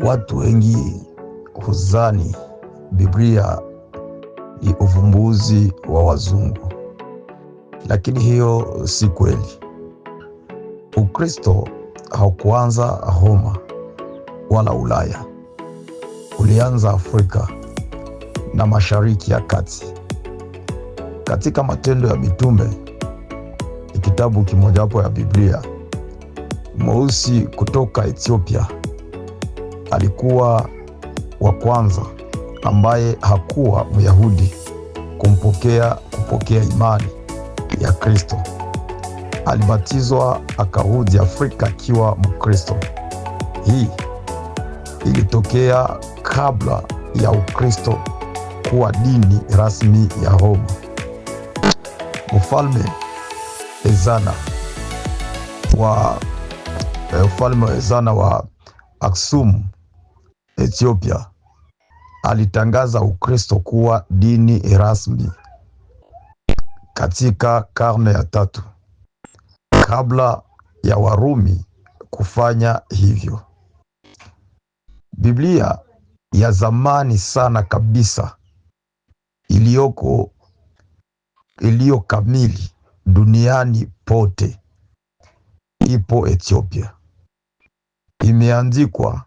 Watu wengi huzani Biblia ni uvumbuzi wa wazungu, lakini hiyo si kweli. Ukristo haukuanza Roma wala Ulaya, ulianza Afrika na Mashariki ya Kati. Katika Matendo ya Mitume ni kitabu kimojawapo ya Biblia, mweusi kutoka Ethiopia alikuwa wa kwanza ambaye hakuwa Myahudi kumpokea kupokea imani ya Kristo. Alibatizwa akarudi Afrika akiwa Mkristo. Hii ilitokea kabla ya Ukristo kuwa dini rasmi ya Roma. Mfalme Ezana wa, ufalme eh, wa Ezana wa Aksum Ethiopia alitangaza Ukristo kuwa dini rasmi katika karne ya tatu kabla ya Warumi kufanya hivyo. Biblia ya zamani sana kabisa iliyoko iliyo kamili duniani pote ipo Ethiopia, imeandikwa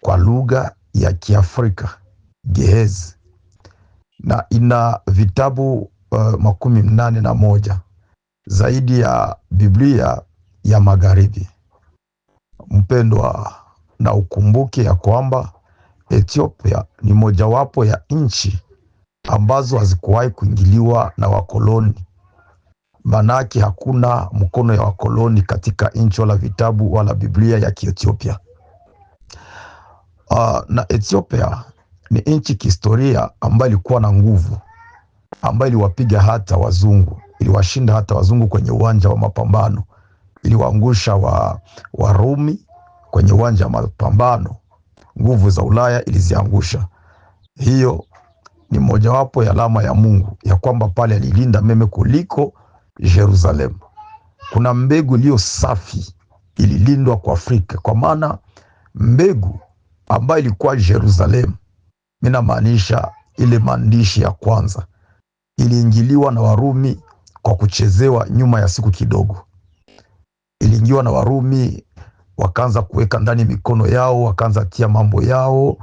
kwa lugha ya Kiafrika Gehezi, na ina vitabu uh, makumi mnane na moja zaidi ya Biblia ya Magharibi. Mpendwa, na ukumbuke ya kwamba Ethiopia ni mojawapo ya nchi ambazo hazikuwahi kuingiliwa na wakoloni, manake hakuna mkono ya wakoloni katika nchi wala vitabu wala Biblia ya Kiethiopia uh, na Ethiopia ni nchi kihistoria ambayo ilikuwa na nguvu, ambayo iliwapiga hata wazungu, iliwashinda hata wazungu kwenye uwanja wa mapambano, iliwaangusha wa Warumi kwenye uwanja wa mapambano, nguvu za Ulaya iliziangusha. Hiyo ni mojawapo ya alama ya Mungu ya kwamba pale alilinda meme kuliko Jerusalem. Kuna mbegu iliyo safi ililindwa kwa Afrika, kwa maana mbegu ambayo ilikuwa Yerusalemu, minamaanisha ile maandishi ya kwanza iliingiliwa na Warumi kwa kuchezewa nyuma ya siku kidogo, iliingiwa na Warumi wakaanza kuweka ndani mikono yao, wakaanza tia mambo yao.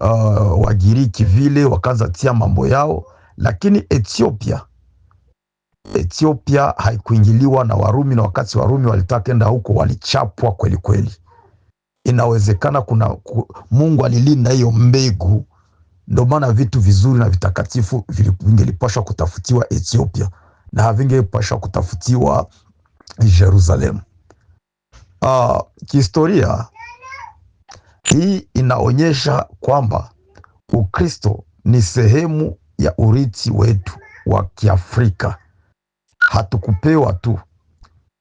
Uh, Wagiriki vile wakaanza tia mambo yao, lakini Ethiopia Ethiopia haikuingiliwa na Warumi, na wakati Warumi walitaka kwenda huko walichapwa kweli kweli inawezekana kuna ku, Mungu alilinda hiyo mbegu, ndio maana vitu vizuri na vitakatifu vingelipashwa kutafutiwa Ethiopia na havingepashwa kutafutiwa Jerusalemu. Uh, ah, kihistoria hii inaonyesha kwamba Ukristo ni sehemu ya urithi wetu wa Kiafrika. Hatukupewa tu,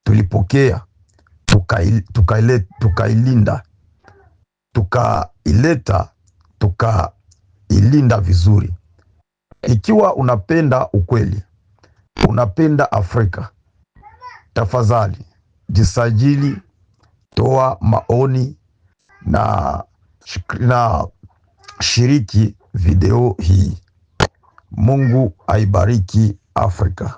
tulipokea tukailinda, tuka tukaileta tukailinda vizuri. Ikiwa unapenda ukweli, unapenda Afrika, tafadhali jisajili, toa maoni na, na shiriki video hii. Mungu aibariki Afrika.